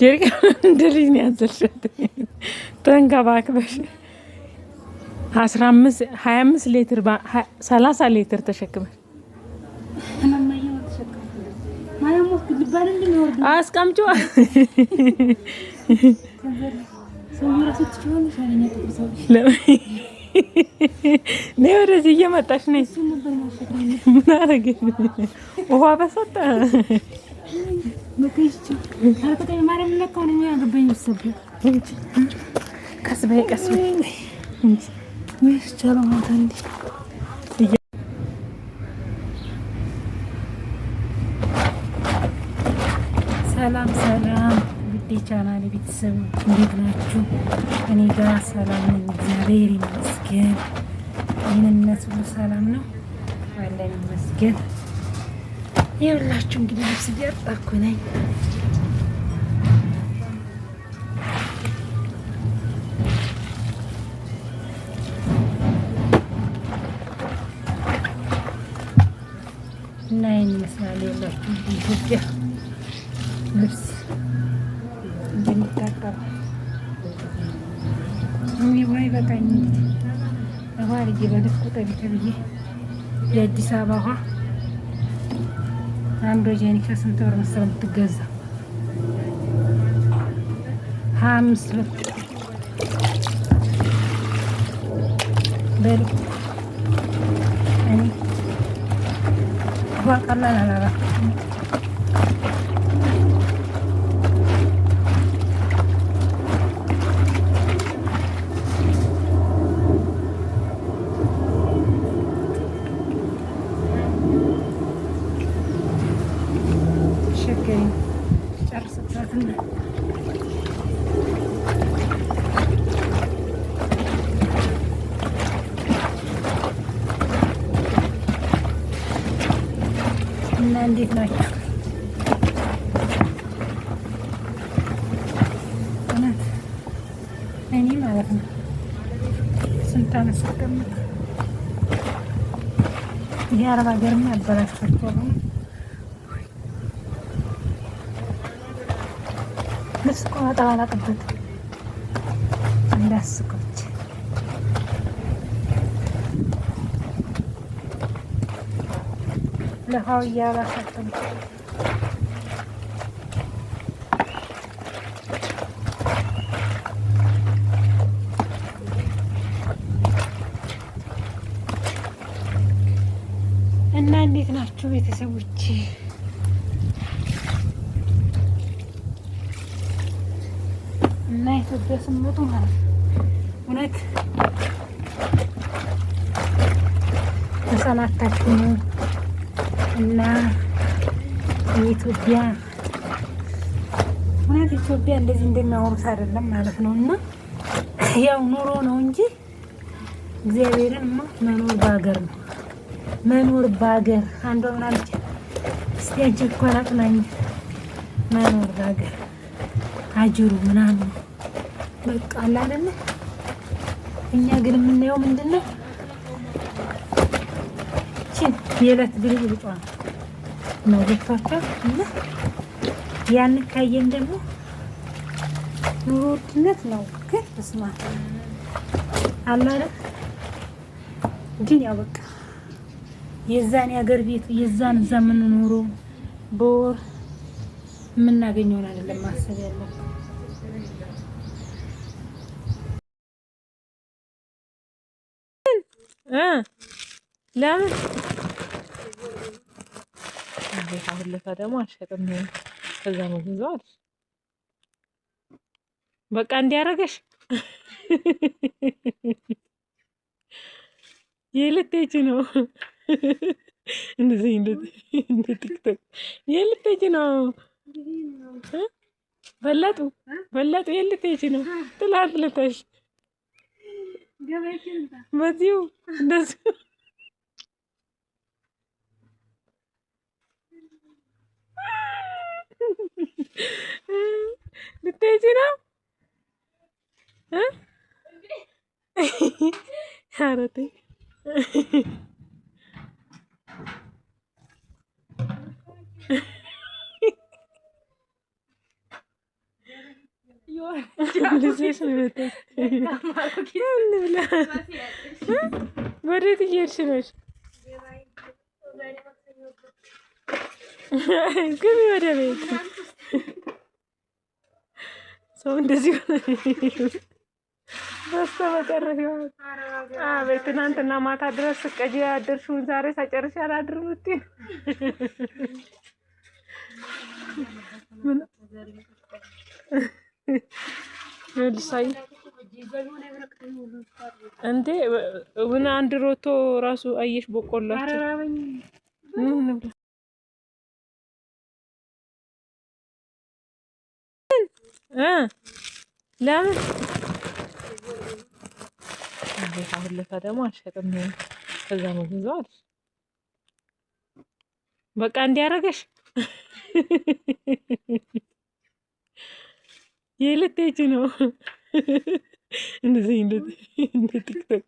ጀሪካ እንደ ልጅ ነው ያዘልሻት ተንከባክበሽ። አስራ አምስት ሀያ አምስት ሌትር ሰላሳ ሌትር ተሸክመሽ አስቀምጪው። ነይ ወደዚህ እየመጣሽ ነይ። ምን አደረገ ውሃ በሰጠ ቀስ በይ ቀስ ሰላም ሰላም ውዴ ቻናል ቤተሰቦች እንዴት ናችሁ? እኔ ጋ ሰላም ነኝ፣ እግዚአብሔር ይመስገን። ይህንነት ሰላም ነው አለን ይመስገን። ይኸውላችሁ እንግዲህ ልብስ እያጠብኩ ነኝ። እና ይህን ይመስላል። ይኸውላችሁ ኢትዮጵያ ልብስ እንደሚታጠብ ወይ በቃኝ እንግዲህ ውሃ ልጄ ቁጠቢ ተብዬ የአዲስ አበባ ውሃ አንድ ጄኒካ ስንት ብር መሰለህ የምትገዛ? ሀያ አምስት ብር እንዴት ናችሁ እውነት እኔ ማለት ነው ስንት ዓመት ስቀምጥ ይሄ አረብ ሀገርም ያበላሻቸው ልብስ እኮ አጠባላቅበት እንዳስቆች ለሃው እያራሳትን እና እንዴት ናችሁ ቤተሰቦች? እና ኢትዮጵያ ስንመጡ ማለት እውነት ተሰናታችሁ ነው። እና የኢትዮጵያ እውነት ኢትዮጵያ እንደዚህ እንደሚያወሩት አይደለም ማለት ነው። እና ያው ኑሮ ነው እንጂ እግዚአብሔርን መኖር በሀገር ነው መኖር በሀገር አንዷ ምን እስቲ አንቺ እኮ ናኝ መኖር በሀገር አጅሩ ምናምን በቃ አለ አይደለ። እኛ ግን የምናየው ምንድን ነው? ይችን የዕለት ነው ነው ልፋፋ እና ያን ካየን ደግሞ ኑሮ ውድነት ነው ግን በስማ አላለ ግን ያው በቃ የዛን የሀገር ቤት የዛን ዘመን ኑሮ በወር የምናገኘውን አይደለም ማሰብ ያለብን። ለምን ለታ አሁን ለታ ደግሞ አልሸጥም። ከዛ ነው መግንዘው አለ በቃ እንዲያረገሽ የልትሄጂ ነው እንደዚህ እንደ ቲክቶክ የልትሄጂ ነው በለጡ በለጡ የልትሄጂ ነው ጥላት ልተሽ በዚሁ እንደዚሁ లిట్టేసినా హారతి Böyle de geçirir. ግቢ ወደ ቤት። ሰው እንደዚህ ሆነ። በስተመጨረሻ አቤት! ትናንትና ማታ ድረስ ስትቀጂ ያደርሽውን ዛሬ ሳጨርሽ አላድርም ብትይ ልሳይ እንዴ ምን አንድ ሮቶ ራሱ አየሽ በቆላቸው ለምን ቤት አሁን ለታ ደግሞ አልሸጥም። ከዛ ነው ገዛው አለሽ። በቃ እንዲያረገሽ የልትሄጂ ነው እንደዚህ እንደ ቲክቶክ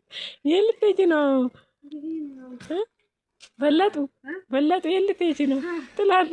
የልትሄጂ ነው። በለጡ በለጡ የልትሄጂ ነው ትላንት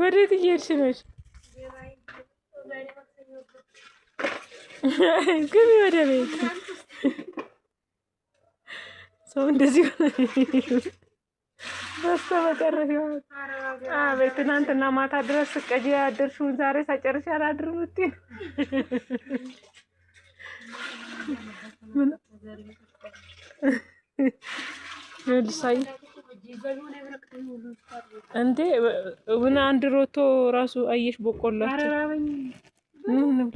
ወዴት እየሄድሽ ነሽ? ግቢ ወደ ቤት። ሰው እንደዚህ በስተ መጨረሻ አቤት! ትናንትና ማታ ድረስ ስቀጂ ያደርሽውን ዛሬ ሳጨርሽ አላድርም ብትይ ምን ልሳይ እንዴ ምን አንድ ሮቶ ራሱ አየሽ በቆላቸው ምን